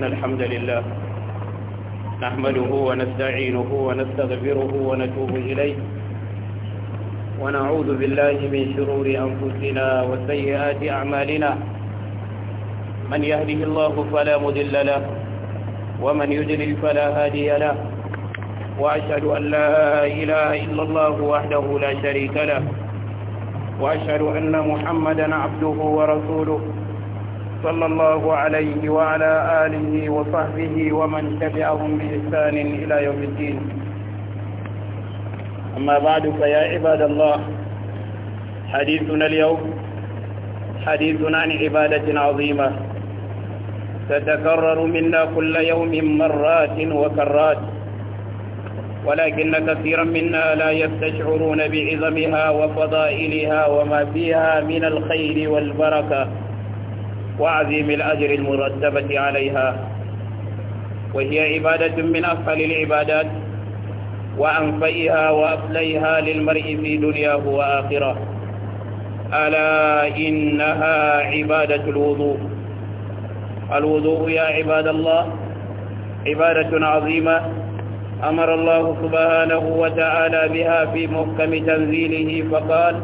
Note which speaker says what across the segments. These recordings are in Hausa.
Speaker 1: إن الحمد لله نحمده ونستعينه ونستغفره ونتوب إليه ونعوذ بالله من شرور أنفسنا وسيئات أعمالنا من يهده الله فلا مذل له ومن يدلل فلا هادي له وأشهد أن لا إله إلا الله وحده لا شريك له وأشهد أن محمدا عبده ورسوله صلى الله عليه وعلى آله وصحبه ومن تبعهم بإحسان إلى يوم الدين أما بعد فيا عباد الله حديثنا اليوم حديث عن عبادة عظيمة تتكرر منا كل يوم مرات وكرات ولكن كثيرا منا لا يستشعرون بعظمها وفضائلها وما فيها من الخير والبركة وعظيم الأجر المرتبة عليها وهي عبادة من أفضل العبادات وأنفئها وأفليها للمرء في دنياه وآخرة ألا إنها عبادة الوضوء الوضوء يا عباد الله عبادة عظيمة أمر الله سبحانه وتعالى بها في محكم تنزيله فقال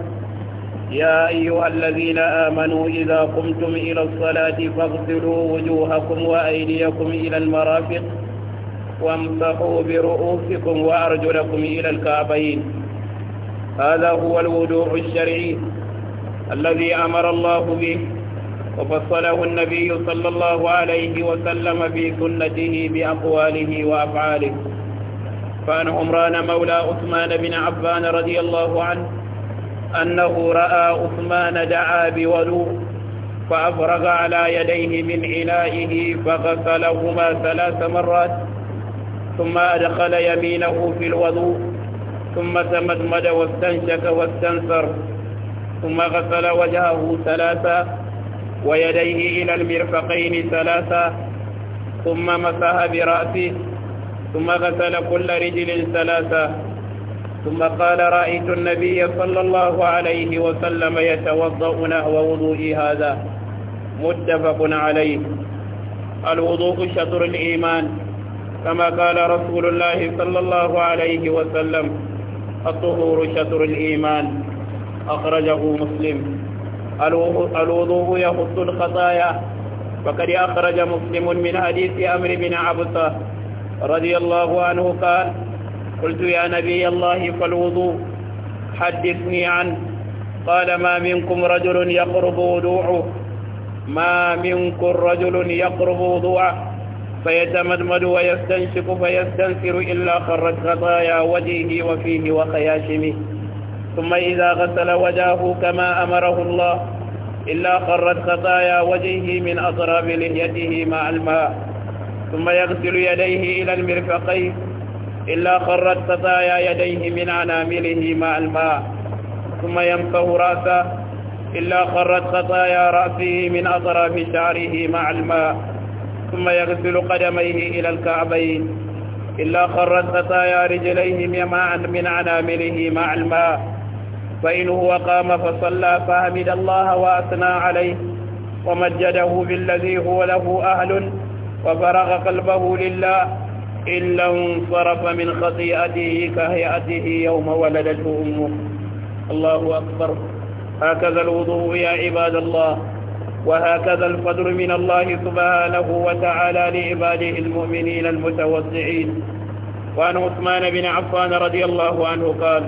Speaker 1: يا أيها الذين آمنوا إذا قمتم إلى الصلاة فاغسلوا وجوهكم وأيديكم إلى المرافق وامسحوا برؤوسكم وأرجلكم إلى الكعبين هذا هو الوضوء الشرعي الذي أمر الله به وفصله النبي صلى الله عليه وسلم في سنته بأقواله وأفعاله فعن عمران مولى عثمان بن عفان رضي الله عنه أنه رأى عثمان دعا بولو فأفرغ على يديه من عنائه فغسلهما ثلاث مرات ثم أدخل يمينه في الوضوء ثم تمدمد واستنشق واستنثر ثم غسل وجهه ثلاثا ويديه إلى المرفقين ثلاثا ثم مسح برأسه ثم غسل كل رجل ثلاثا ثم قال رأيت النبي صلى الله عليه وسلم يتوضأ نحو وضوئي هذا متفق عليه الوضوء شطر الإيمان كما قال رسول الله صلى الله عليه وسلم الطهور شطر الإيمان أخرجه مسلم الوضوء يخص الخطايا وقد أخرج مسلم من حديث أمر بن عبسة رضي الله عنه قال قلت يا نبي الله فالوضوء حدثني عنه قال ما منكم رجل يقرب وضوعه ما منكم رجل يقرب وضوعه فيتمدمد ويستنشق فيستنثر إلا خرت خطايا وجهه وفيه وخياشمه ثم إذا غسل وجهه كما أمره الله إلا خرت خطايا وجهه من أطراف لحيته مع الماء ثم يغسل يديه إلى المرفقين إلا خرت خطايا يديه من أنامله مع الماء ثم يمسح رأسه إلا خرت خطايا رأسه من أطراف شعره مع الماء ثم يغسل قدميه إلى الكعبين إلا خرت خطايا رجليه من عنامله مع الماء فإن هو قام فصلى فحمد الله وأثنى عليه ومجده بالذي هو له أهل وفرغ قلبه لله إلا انصرف من خطيئته كهيئته يوم ولدته أمه الله أكبر هكذا الوضوء يا عباد الله وهكذا الفضل من الله سبحانه وتعالى لعباده المؤمنين المتوسعين وعن عثمان بن عفان رضي الله عنه قال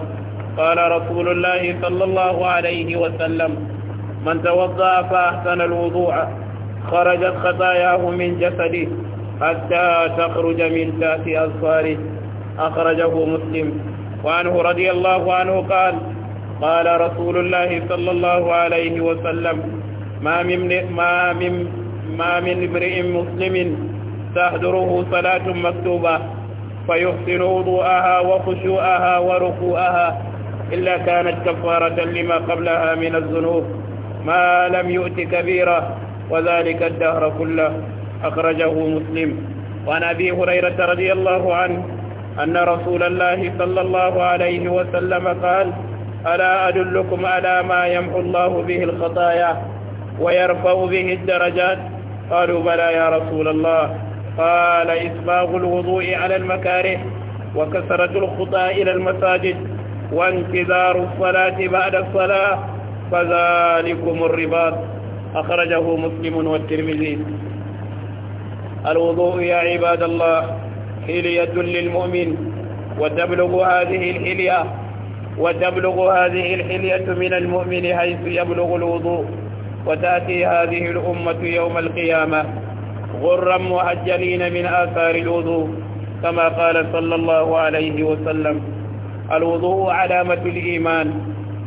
Speaker 1: قال رسول الله صلى الله عليه وسلم من توضأ فأحسن الوضوء خرجت خطاياه من جسده حتى تخرج من تحت أظفاره أخرجه مسلم وعنه رضي الله عنه قال قال رسول الله صلى الله عليه وسلم ما من ما من ما من امرئ مسلم تحضره صلاة مكتوبة فيحسن وضوءها وخشوعها وركوءها إلا كانت كفارة لما قبلها من الذنوب ما لم يؤت كبيرة وذلك الدهر كله أخرجه مسلم وعن أبي هريرة رضي الله عنه أن رسول الله صلى الله عليه وسلم قال ألا أدلكم على ما يمحو الله به الخطايا ويرفع به الدرجات قالوا بلى يا رسول الله قال إسباغ الوضوء على المكاره وكثرة الخطى إلى المساجد وانتظار الصلاة بعد الصلاة فذلكم الرباط أخرجه مسلم والترمذي الوضوء يا عباد الله حلية للمؤمن وتبلغ هذه الحلية وتبلغ هذه الحلية من المؤمن حيث يبلغ الوضوء وتأتي هذه الأمة يوم القيامة غرا مهجلين من آثار الوضوء كما قال صلى الله عليه وسلم الوضوء علامة الإيمان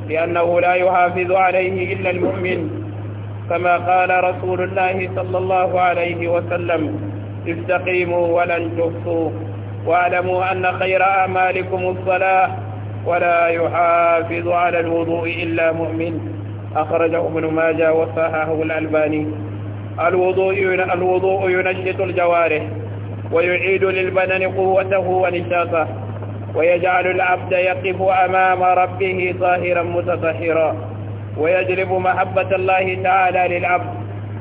Speaker 1: لأنه لا يحافظ عليه إلا المؤمن كما قال رسول الله صلى الله عليه وسلم استقيموا ولن تحصوا واعلموا أن خير أعمالكم الصلاة ولا يحافظ على الوضوء إلا مؤمن أخرجه ابن ماجه وصححه الألباني الوضوء الوضوء ينشط الجوارح ويعيد للبدن قوته ونشاطه ويجعل العبد يقف أمام ربه طاهرا متطهرا ويجلب محبة الله تعالى للعبد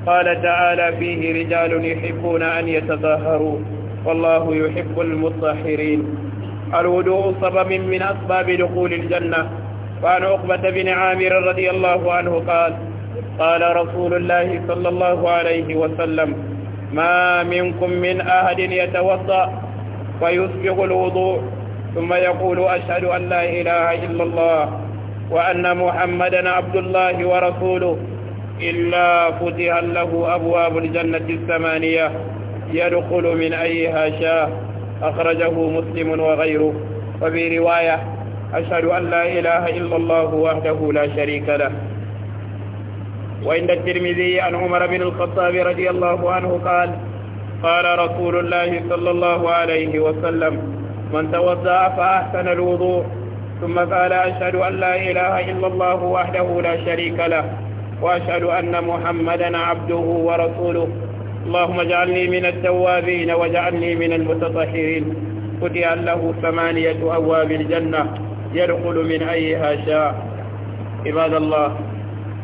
Speaker 1: قال تعالى فيه رجال يحبون أن يتطهروا والله يحب المطهرين الوضوء سبب من أسباب دخول الجنة وعن عقبة بن عامر رضي الله عنه قال قال رسول الله صلى الله عليه وسلم ما منكم من أحد يتوضأ فيسبغ الوضوء ثم يقول أشهد أن لا إله إلا الله وأن محمدا عبد الله ورسوله إلا فتح له أبواب الجنة الثمانية يدخل من أيها شاء أخرجه مسلم وغيره وفي رواية أشهد أن لا إله إلا الله وحده لا شريك له وعند الترمذي عن عمر بن الخطاب رضي الله عنه قال قال رسول الله صلى الله عليه وسلم من توضأ فأحسن الوضوء ثم قال أشهد أن لا إله إلا الله وحده لا شريك له وأشهد أن محمدا عبده ورسوله اللهم اجعلني من التوابين واجعلني من المتطهرين فتح له ثمانية أبواب الجنة يدخل من أيها شاء عباد الله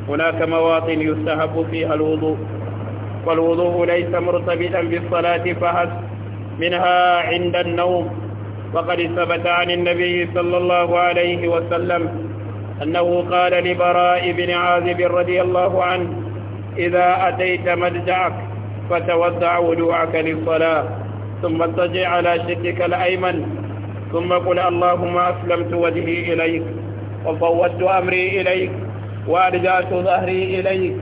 Speaker 1: هناك مواطن يستحب فيها الوضوء والوضوء ليس مرتبطا بالصلاة فحسب منها عند النوم وقد ثبت عن النبي صلى الله عليه وسلم أنه قال لبراء بن عازب رضي الله عنه إذا أتيت مدجعك فتوضع وجوعك للصلاة ثم اضطجع على شكك الأيمن ثم قل اللهم أسلمت وجهي إليك وفوضت أمري إليك وأرجعت ظهري إليك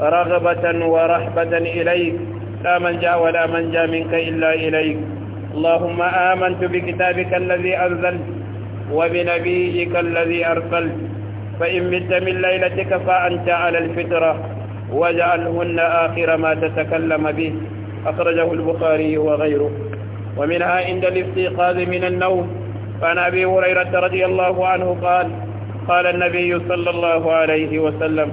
Speaker 1: رغبة ورحبة إليك لا من جاء ولا من جاء منك إلا إليك اللهم آمنت بكتابك الذي أنزلت وبنبيك الذي أرسلت فإن مت من ليلتك فأنت على الفطرة واجعلهن آخر ما تتكلم به أخرجه البخاري وغيره ومنها عند الاستيقاظ من النوم فعن أبي هريرة رضي الله عنه قال قال النبي صلى الله عليه وسلم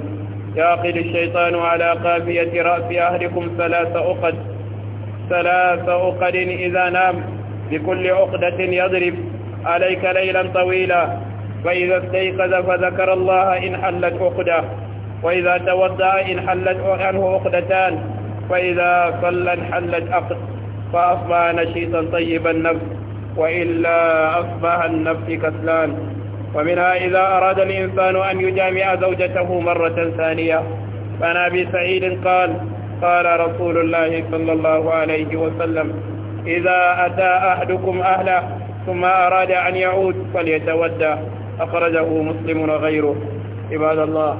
Speaker 1: يعقد الشيطان على قافية رأس أهلكم ثلاث أقد ثلاث عقد إذا نام بكل عقدة يضرب عليك ليلا طويلا فإذا استيقظ فذكر الله إن حلت عقدة وإذا توضأ إن حلت عنه عقدتان فإذا صلى انحلت عقد فأصبح نشيطا طيب النفس وإلا أصبح النفس كسلان ومنها إذا أراد الإنسان أن يجامع زوجته مرة ثانية فأنا أبي سعيد قال قال رسول الله صلى الله عليه وسلم إذا أتى أحدكم أهله ثم أراد أن يعود فليتودى أخرجه مسلم وغيره عباد الله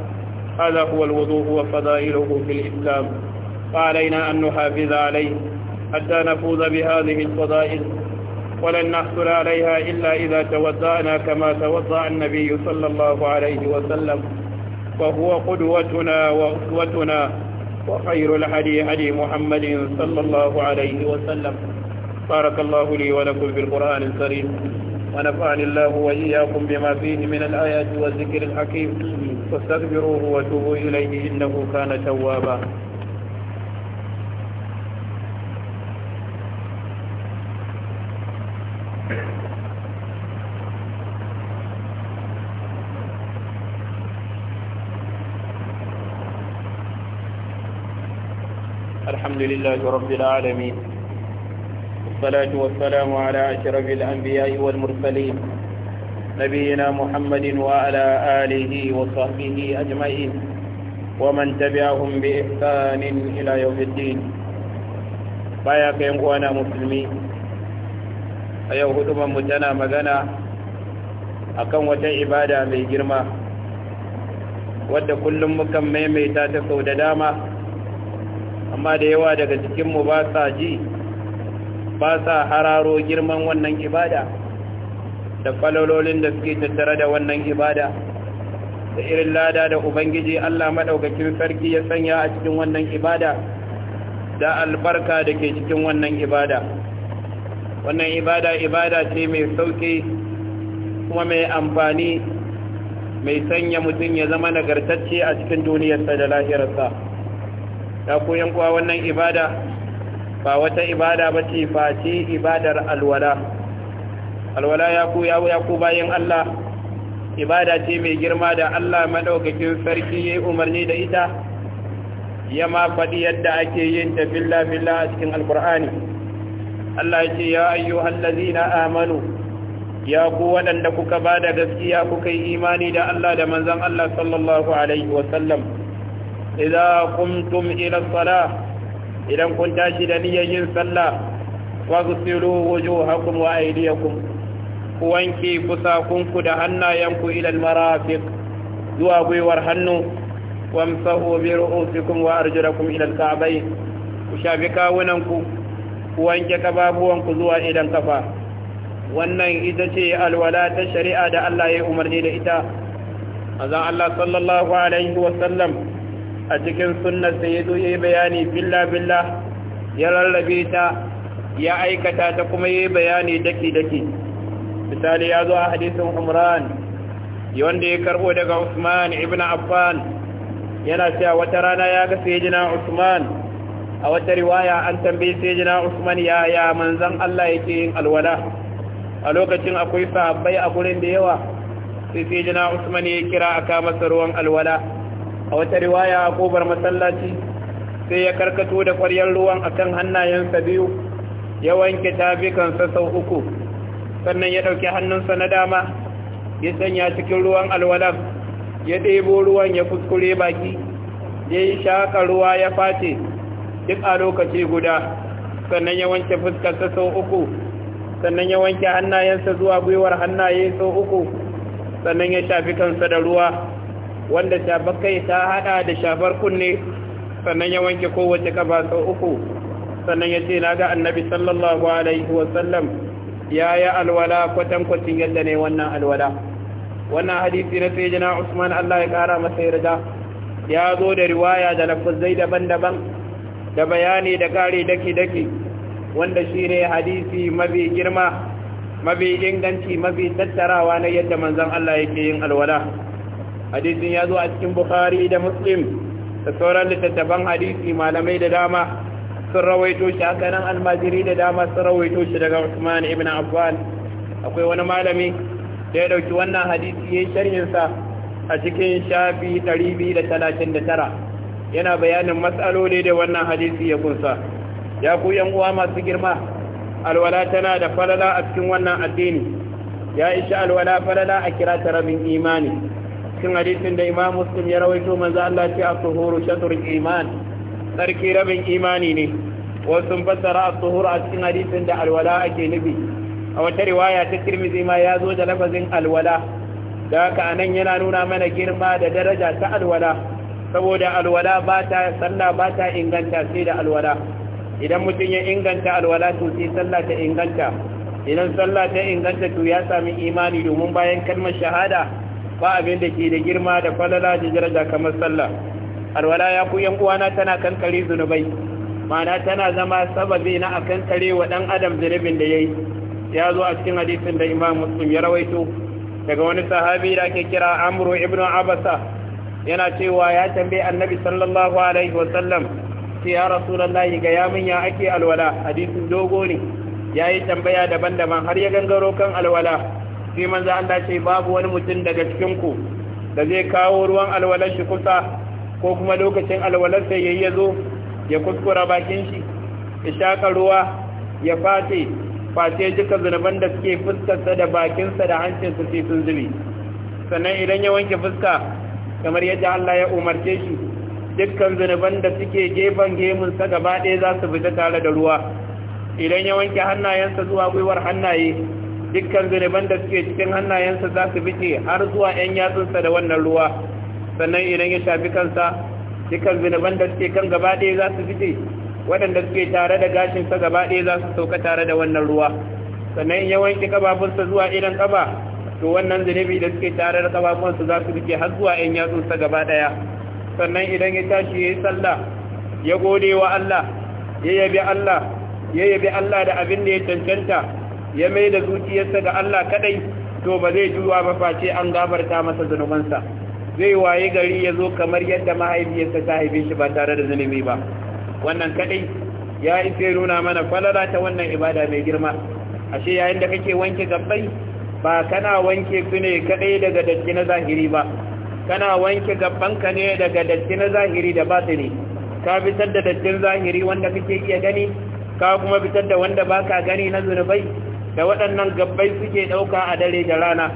Speaker 1: هذا هو الوضوء وفضائله في الإسلام فعلينا أن نحافظ عليه حتى نفوز بهذه الفضائل ولن نحصل عليها إلا إذا توضأنا كما توضأ النبي صلى الله عليه وسلم وهو قدوتنا وأسوتنا وخير الهدي هدي محمد صلى الله عليه وسلم بارك الله لي ولكم في القرآن الكريم ونفعني الله وإياكم بما فيه من الآيات والذكر الحكيم فاستغفروه وتوبوا إليه إنه كان توابا الحمد لله رب العالمين والصلاة والسلام على أشرف الأنبياء والمرسلين نبينا محمد وعلى آله وصحبه أجمعين ومن تبعهم بإحسان إلى يوم الدين بايك ينقوانا مسلمين أيها هدوما متنا مغانا akan wata ibada mai girma wadda kullum mukan maimaita ta sau da dama amma da yawa daga cikinmu ba sa ji ba sa hararo girman wannan ibada da falololin da suke tattare da wannan ibada da irin lada da ubangiji Allah maɗaukakin sarki ya sanya a cikin wannan ibada da albarka da ke cikin wannan ibada wannan ibada ibada ce mai sauƙi kuma mai amfani mai sanya mutum ya zama nagartacce a cikin duniyarsa da lahirarsa ya ku yankuwa wannan ibada ba wata ibada ba ce face ibadar alwala alwala ya ku ya ku bayan Allah ibada ce mai girma da Allah madaukakin sarki ya umarni da ita ya ma faɗi yadda ake yin ta billa billa a cikin alkur'ani Allah ya ce ya ayyuhal ladina amanu ya ku waɗanda kuka bada gaskiya kuka yi imani da Allah da manzon Allah sallallahu alaihi wasallam idza qumtum ila salah idan kun tashi da niyyar yin sallah faghsilu wujuhakum wa aydiyakum ku wanke fusakunku da hannayenku ila almarafiq zuwa gwiwar hannu wamsahu bi ru'usikum wa arjulakum ila alka'bayn ku shafi kawunanku ku wanke kababuwanku zuwa idan kafa wannan ita ce alwala ta shari'a da Allah ya umarni da ita azan Allah sallallahu alaihi wa sallam a cikin sunnar da ya zo ya yi bayani billa-billa ya rarrabe ta ya aikata ta kuma ya yi bayani daki-daki misali ya zo a hadisin umran wanda ya karbo daga usman ibn affan yana cewa wata rana ya ga sayyidina usman a wata riwaya an tambayi sayyidina usman ya ya manzan Allah yake yin alwala a lokacin akwai sahabbai a gurin da yawa sai sayyidina usman ya kira a kama ruwan alwala a wata riwaya a kobar masallaci sai ya karkato da ƙwaryar ruwan a kan hannayensa biyu ya wanke tafikansa sau uku sannan ya ɗauki hannunsa na dama ya sanya cikin ruwan alwalar ya ɗebo ruwan ya kuskure baki ya yi shaƙa ruwa ya face duk a lokaci guda sannan ya wanke fuskarsa sau uku sannan ya wanke hannayensa zuwa gwiwar hannaye sau uku sannan ya shafi kansa da ruwa wanda shafar kai ta hada da shafar kunne sannan ya wanke kowace kaba sau uku sannan ya ce na ga annabi sallallahu alaihi wasallam ya yi alwala kwatankwacin yadda ne wannan alwala wannan hadisi na jina usman allah ya kara masa yarda ya zo da riwaya da lafazai daban-daban da bayani da kare daki-daki wanda shi ne hadisi mafi girma mafi inganci mafi tattarawa na yadda manzan allah yake yin alwala hadisin ya zo a cikin bukhari da muslim da sauran littattafan hadisi malamai da dama sun rawaito shi haka nan almajiri da dama sun rawaito shi daga usman ibn affan akwai wani malami da ya dauki wannan hadisi ya sharhin sa a cikin shafi 239 yana bayanin matsaloli da wannan hadisi ya kunsa ya ku yan uwa masu girma alwala tana da falala a cikin wannan addini ya isha alwala falala a kira ta rabin imani cikin hadisin da imam muslim ya rawaito manzo Allah ce at-tuhuru shatrul iman sarki rabin imani ne wasu fassara at tuhuru a cikin hadisin da alwala ake nufi a wata riwaya ta Tirmidhi ma ya zo da lafazin alwala da haka anan yana nuna mana girma da daraja ta alwala saboda alwala ba ta sallah ba ta inganta sai da alwala idan mutum ya inganta alwala to sai sallah ta inganta idan sallah ta inganta to ya sami imani domin bayan kalmar shahada ba abin da ke da girma da falala da daraja kamar sallah alwala ya ku yan uwana tana kankare zunubai ma'ana tana zama sababi na akan kare wa dan adam zunubin da ya yi. ya zo a cikin hadisin da Imam Muslim ya rawaito daga wani sahabi da ake kira Amr Ibnu Abasa yana cewa ya tambaye Annabi sallallahu alaihi wasallam sai ya Rasulullahi ga yamin ya ake alwala hadisin dogo ne yayi tambaya daban-daban har ya gangaro kan alwala shi manzo Allah ce babu wani mutum daga cikin ku da zai kawo ruwan alwalar shi kusa ko kuma lokacin alwalar sai yayi yazo ya kuskura bakin shi ya shaka ruwa ya fate face duka zunuban da suke fuskarsa da bakinsa da hancinsa sai sun zubi sannan idan ya wanke fuska kamar yadda Allah ya umarce shi dukkan zunuban da suke gefen gemunsa gaba ɗaya za su fita tare da ruwa idan ya wanke hannayensa zuwa gwiwar hannaye dukkan zunuban da suke cikin hannayensa za su bice har zuwa 'yan yatsunsa da wannan ruwa sannan idan ya shafi kansa dukkan zunuban da suke kan gaba ɗaya za su bice waɗanda suke tare da gashinsa gaba ɗaya za su sauka tare da wannan ruwa sannan ya wanke kafafunsa zuwa idan ƙaba to wannan zunubi da suke tare da kafafunsa za su bice har zuwa 'yan yatsunsa gaba ɗaya sannan idan ya tashi ya yi sallah ya gode wa Allah ya yabi Allah ya yabi Allah da abin da ya cancanta ya mai da zuciyarsa ga Allah kadai to ba zai juwa ba face an gabarta masa zunubansa zai waye gari ya zo kamar yadda mahaifiyarsa ta haife shi ba tare da zunubi ba wannan kadai ya ife nuna mana falala ta wannan ibada mai girma ashe yayin da kake wanke gabbai ba kana wanke su ne kadai daga datti na zahiri ba kana wanke gabbanka ne daga datti na zahiri da batini ka fitar da dattin zahiri wanda kake iya gani ka kuma fitar da wanda baka gani na zunubai da waɗannan gabbai suke ɗauka a dare da rana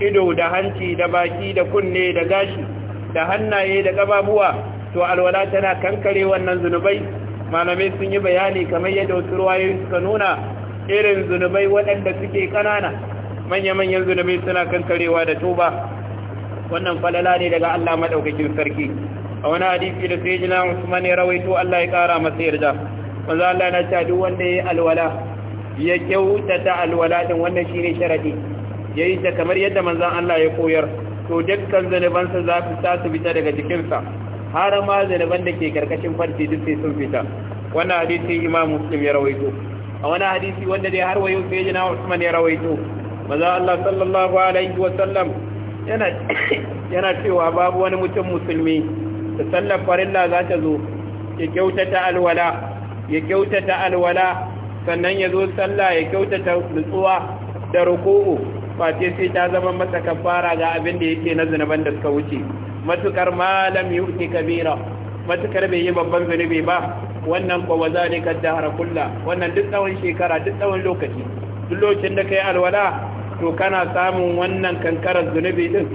Speaker 1: ido da hanci da baki da kunne da gashi da hannaye da ƙababuwa to alwala tana kankare wannan zunubai malamai sun yi bayani kamar yadda wasu ruwayoyi suka nuna irin zunubai waɗanda suke ƙanana manya-manyan zunubai suna kankarewa da tuba wannan falala ne daga Allah maɗaukakin sarki a wani hadisi da sai jina Usman ya rawaito Allah ya ƙara masa yarda manzo Allah na ta duk wanda ya yi alwala ya kyautata alwala din wannan shine sharadi yi ta kamar yadda manzon Allah ya koyar to dukkan zanubansa za su ta su fita daga jikinsa har ma zanuban da ke karkashin farce duk sai sun fita wannan hadisi Imam Muslim ya rawaito a wani hadisi wanda dai har wayo sai jina Usman ya rawaito manzon Allah sallallahu alaihi wa sallam yana yana cewa babu wani mutum musulmi da sallar farilla za ta zo ya kyautata alwala ya kyautata alwala sannan ya zo sallah ya kyautata nutsuwa da ruku'u face sai ta zama masa kafara ga abin da yake na zunuban da suka wuce matukar malam yuti kabira matukar bai yi babban zunubi ba wannan ko wa zalika dahar kulla wannan duk tsawon shekara duk tsawon lokaci duk lokacin da kai alwala to kana samun wannan kankarar zunubi din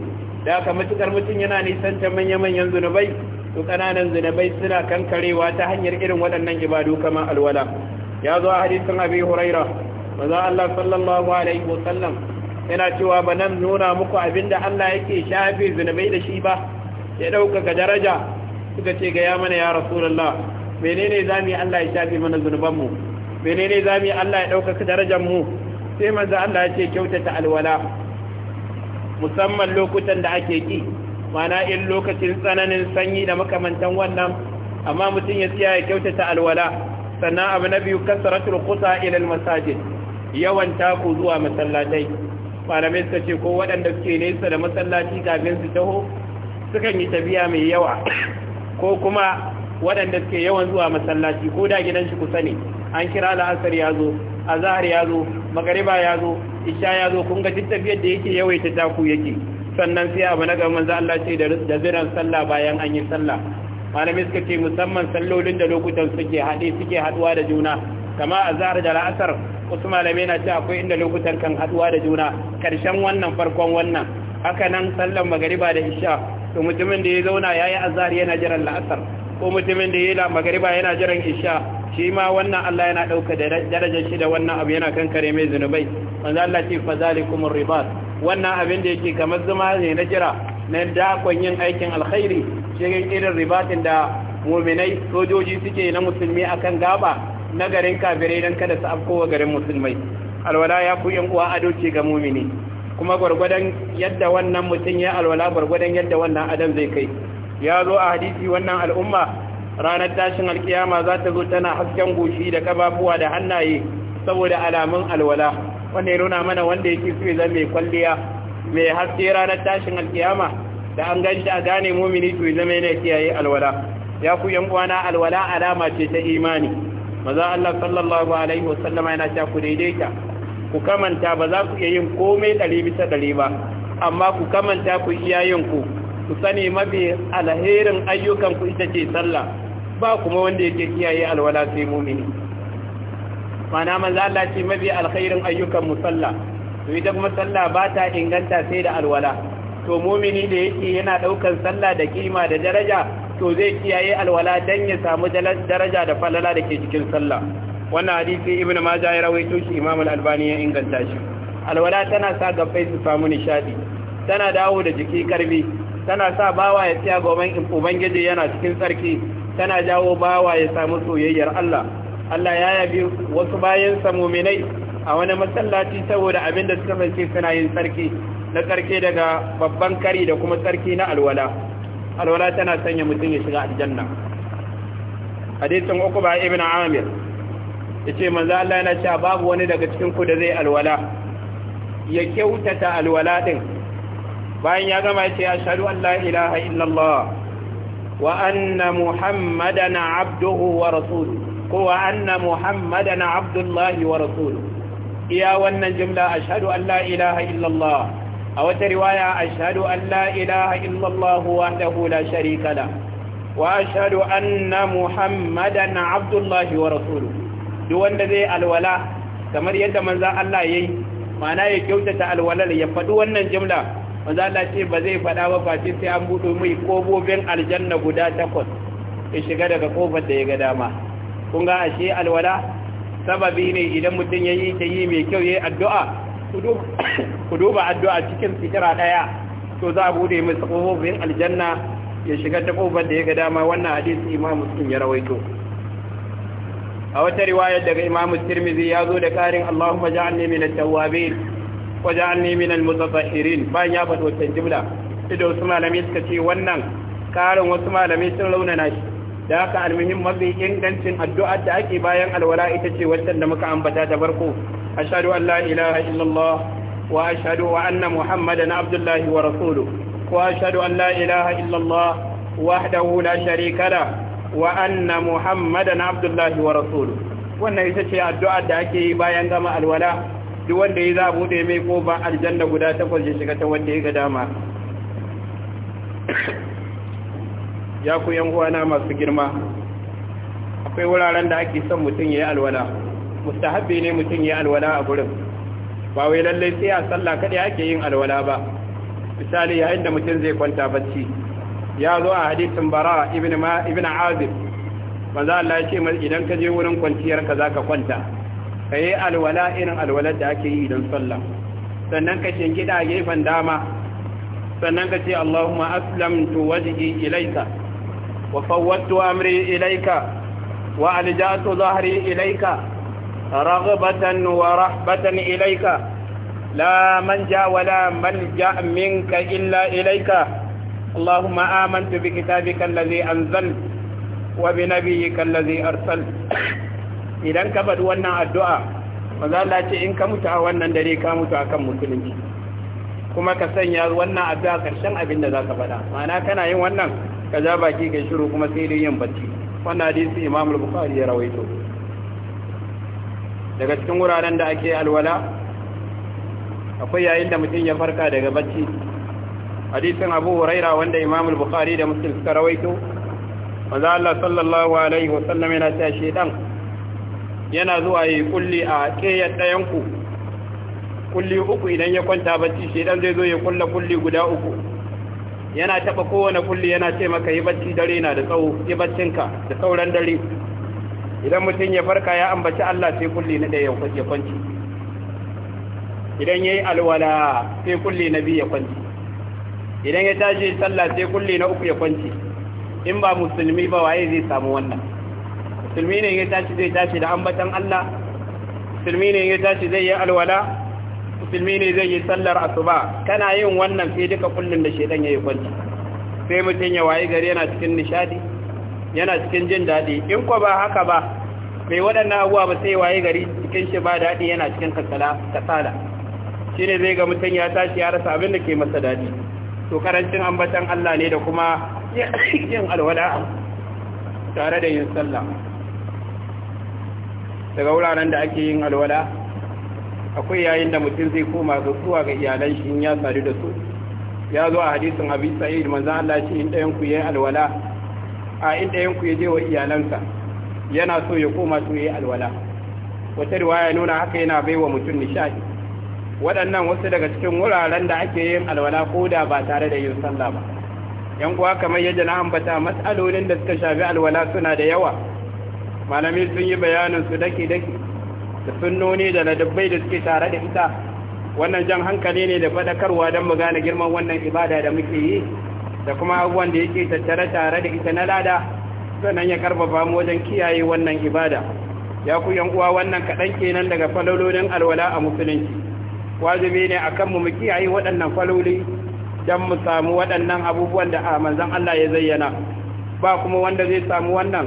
Speaker 1: da aka matukar mutum yana nisan ta manyan manyan zunubai to kananan zunubai suna kankarewa ta hanyar irin waɗannan ibadu kamar alwala ya zo a hadisin abi huraira maza Allah sallallahu alaihi wasallam yana cewa ba nan nuna muku abinda Allah yake shafe zunubai da shi ba ya ɗaukaka daraja suka ce ga ya mana ya rasulullah menene za mu yi Allah ya shafe mana zunubanmu menene za mu yi Allah ya ɗaukaka darajarmu sai manzo Allah ya ce kyautata alwala musamman lokutan da ake ki mana in lokacin tsananin sanyi da makamantan wannan amma mutum ya tsaya ya kyautata alwala sannan abu na biyu kasaratul kusa ilil masajid yawan taku zuwa masallatai malamai suka ce ko waɗanda suke nesa da masallaci kafin su taho sukan yi tafiya mai yawa ko kuma waɗanda suke yawan zuwa masallaci ko da gidan shi kusa ne an kira la'asar ya zo azahar ya zo magariba ya zo isha ya zo kun ga duk tafiyar da yake yawaita taku yake sannan sai abu na gaban za Allah ce da ziran sallah bayan an yi sallah malamai suka ce musamman sallolin da lokutan suke haɗe suke haɗuwa da juna kama a zahar da la'asar wasu malamai na ce akwai inda lokutan kan haɗuwa da juna ƙarshen wannan farkon wannan haka nan sallan magariba da isha to mutumin da ya zauna ya yi azahar yana jiran la'asar ko mutumin da ya yi magariba yana jiran isha shi ma wannan Allah yana ɗauka da darajar shi da wannan abu yana kankare mai zunubai wanda Allah ce fa zalikum ribat wannan abin da yake kamar zuma ne na jira na dakon yin aikin alkhairi shirin irin ribatin da muminai sojoji suke na musulmi kan gaba na garin kafirai don kada su afkowa garin musulmai alwala ya ku yan uwa ado ce ga mumini kuma gwargwadon yadda wannan mutum ya alwala gwargwadon yadda wannan adam zai kai ya zo a hadisi wannan al'umma ranar tashin alkiyama za ta zo tana hasken goshi da kababuwa da hannaye saboda alamun alwala wanda ya nuna mana wanda yake so ya zama mai kwalliya mai haske ranar tashin alkiyama da an ganci a gane mumini to zama yana kiyaye alwala ya ku yan uwana alwala alama ce ta imani maza Allah sallallahu alaihi sallama yana cewa ku daidaita ku kamanta ba za ku iya yin komai ɗari bisa ɗari ba amma ku kamanta ku iya yin ku ku sani mafi alherin ayyukan ku ita ce sallah ba kuma wanda yake kiyaye alwala sai mumini mana maza Allah ce mafi alkhairin ayyukan musalla to ita kuma sallah ba ta inganta sai da alwala to mumini da yake yana daukan sallah da kima da daraja to zai kiyaye alwala dan ya samu daraja da falala da ke cikin sallah wannan hadisi ibn majah ya rawaito shi imam al-albani ya inganta shi alwala tana sa gabbai su samu nishadi tana dawo da jiki karbi tana sa bawa ya tsaya gaban ubangiji yana cikin tsarki tana jawo bawa ya samu soyayyar Allah Allah ya yabi wasu bayan sa muminai a wani masallaci saboda abin da suka mace suna yin tsarki na tsarki daga babban kari da kuma tsarki na alwala alwala tana sanya mutum ya shiga aljanna hadisin uku ba ibn amir ya ce manzo Allah yana cewa babu wani daga cikin ku da zai alwala ya kyautata alwala din bayan ya gama ya ce ashhadu an la ilaha illallah wa anna muhammadan abduhu wa rasuluhu ko wa anna muhammadan abdullahi wa rasuluhu iya wannan jumla ashhadu an la ilaha illallah a wata riwaya ashhadu an la ilaha illallah wahdahu la sharika la wa ashhadu anna muhammadan abdullahi wa rasuluhu duk wanda zai alwala kamar yadda manzo Allah yayi mana ya kyautata alwalal ya faɗi wannan jimla manzo Allah ce ba zai faɗa ba face sai an buɗe mai kobobin aljanna guda takwas ya shiga daga kofar da ya ga dama kun ga ashe alwala sababi ne idan mutum yayi ta yi mai kyau yayi addu'a ku duba addu'a cikin fitira ɗaya to za a bude mai tsohobin aljanna ya shiga ta ƙofar da ya ga dama wannan hadisi imam muslim ya rawaito a wata riwayar daga imam zai ya zo da karin allahumma ja'alni min at-tawwabin wa ja'alni min al-mutatahhirin bayan ya faɗo can jumla ido wasu malami suka ce wannan karin wasu malami sun launana shi da haka almuhim mafi ingancin addu'ar da ake bayan alwala ita ce wancan da muka ambata ta farko أشهد أن لا إله إلا الله وأشهد أن محمدا عبد الله ورسوله وأشهد أن لا إله إلا الله وحده لا شريك له وأن محمدا عبد الله ورسوله wannan ita ce addu'ar da ake yi bayan gama alwala duk wanda ya a buɗe mai koban aljanna guda takwas ya shiga ta wanda ya ga dama ya ku yan na masu girma akwai wuraren da ake son mutum ya yi alwala mustahabbi ne mutum ya alwala a gurin ba wai lallai sai a sallah kada ake yin alwala ba misali yayin da mutum zai kwanta bacci ya zo a hadisin bara ibn ma ibn azib manzo Allah ya ce idan ka je wurin za ka kwanta. kwanta yi alwala irin alwalar da ake yi don sallah sannan ka shingida gefen dama sannan ka ce Allahumma aslamtu Wa ilayka وفوضت أمري إليك وألجأت ظهري إليك رغبة ورحبة إليك لا منجا ولا ملجا منك إلا إليك اللهم آمنت بكتابك الذي أنزلت وبنبيك الذي أرسلت idan ka faɗi wannan addu'a maza Allah in ka mutu a wannan dare ka mutu a kan musulunci kuma ka sanya wannan addu'a ƙarshen abin da za ka faɗa mana kana yin wannan ka baki ka shiru kuma sai dai yin bacci wannan imamul bukhari ya rawaito daga cikin wuraren da ake alwala akwai yayin da mutum ya farka daga bacci hadisin abu huraira wanda imam bukhari da muslim suka rawaito maza Allah sallallahu alaihi wasallam yana cewa shedan yana zuwa yi kulli a keyar ɗayan ku kulli uku idan ya kwanta bacci shedan zai zo ya kulla kulli guda uku yana taba kowane kulli yana ce maka yi bacci dare na da tsawo yi baccinka da sauran dare idan mutum ya farka ya ambaci Allah sai kulli na ɗaya ya kwanci idan ya yi alwala sai kulli na biyu ya kwanci idan ya tashi sallah sai kulli na uku ya kwanci in ba musulmi ba waye zai samu wannan musulmi ne ya tashi zai tashi da ambatan Allah musulmi ne ya tashi zai yi alwala musulmi ne zai yi sallar asuba kana yin wannan sai duka kullun da shedan yi kwanci sai mutum ya waye gari yana cikin nishadi yana cikin jin daɗi in ko ba haka ba mai waɗannan abuwa ba sai waye gari cikin shi ba daɗi yana cikin kasala shi ne zai ga mutum ya tashi ya rasa abin da ke masa daɗi to karancin ambatan Allah ne da kuma yin alwala tare da yin sallah daga wuraren da ake yin alwala akwai yayin da mutum zai koma ga zuwa ga iyalan shi in ya sadu da su ya zo a hadisin abin sa'id manzan Allah shi in ɗayan ku yi alwala a inda yanku ya je wa iyalansa yana so ya koma su yi alwala wata riwaya nuna haka yana bai wa mutum nishadi waɗannan wasu daga cikin wuraren da ake yin alwala ko da ba tare da yin sallah ba yan kuwa kamar yadda na ambata matsalolin da suka shafi alwala suna da yawa malami sun yi bayanin su dake dake da sunnoni da ladabbai da suke tare da ita wannan jan hankali ne da faɗakarwa don mu gane girman wannan ibada da muke yi da kuma abubuwan da yake tattare tare da ita na lada sannan ya karfafa mu wajen kiyaye wannan ibada ya ku yan uwa wannan kaɗan kenan daga falololin alwala a musulunci wajibi ne akan mu mu kiyaye waɗannan faloli don mu samu waɗannan abubuwan da a manzon Allah ya zayyana ba kuma wanda zai samu wannan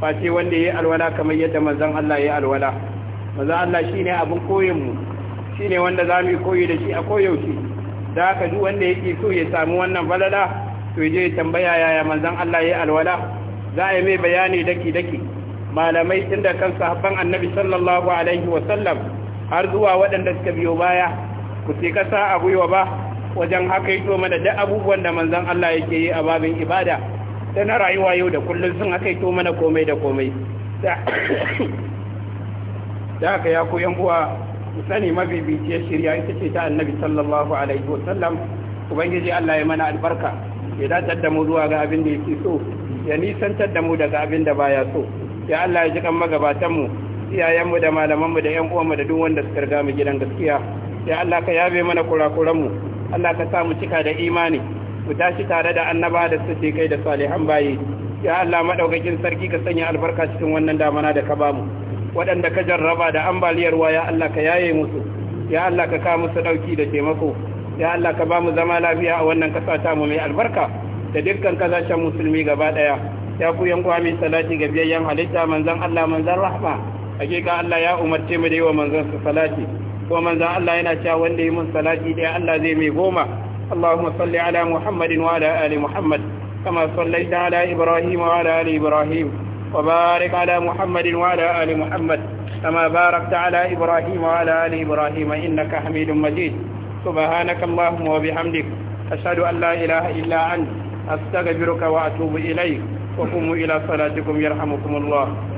Speaker 1: face wanda ya alwala kamar yadda manzon Allah ya alwala manzon Allah shine abin koyin mu shine wanda zamu koyi da shi a koyaushe da haka duk wanda yake so ya samu wannan falala? to je tambaya yaya manzon Allah ya alwala za a yi mai bayani daki daki malamai inda kan sahabban annabi sallallahu alaihi wa sallam har zuwa waɗanda suka biyo baya ku ce kasa a gwiwa ba wajen haka yi toma da duk abubuwan da manzon Allah yake yi a babin ibada da na rayuwa yau da kullum sun haka yi toma na komai da komai da haka ya koyan buwa sani mabibiciyar shirya ita ce ta annabi sallallahu alaihi wa sallam ubangiji Allah ya mana albarka ya datar da mu zuwa ga abin da yake so ya nisantar da mu daga abin da baya so ya Allah ya ji kan magabatan mu iyayen mu da malaman mu da ƴan uwan mu da duk wanda suka riga mu gidan gaskiya ya Allah ka yabe mana kurakuran mu Allah ka sa mu cika da imani mu tashi tare da annaba da suke kai da salihan baye ya Allah madaukakin sarki ka sanya albarka cikin wannan damana da ka bamu waɗanda ka jarraba da ambaliyar ya Allah ka yaye musu ya Allah ka kawo musu dauki da taimako ya Allah ka ba mu zama lafiya a wannan kasa ta mu mai albarka da dukkan kasashen musulmi gaba daya ya ku yan kwa salati ga biyayyen halitta manzon Allah manzon rahma hakika Allah ya umarce mu da yi wa manzon su salati kuma manzon Allah yana cewa wanda yi mun salati daya Allah zai mai goma Allahumma salli ala Muhammadin wa ala ali Muhammad kama sallaita ala Ibrahim wa ala ali Ibrahim wa barik ala Muhammadin wa ala ali Muhammad kama barakta ala Ibrahim wa ala ali Ibrahim innaka Hamidum Majid سبحانك اللهم وبحمدك أشهد أن لا إله إلا أنت أستغفرك وأتوب إليك وقوموا إلى صلاتكم يرحمكم الله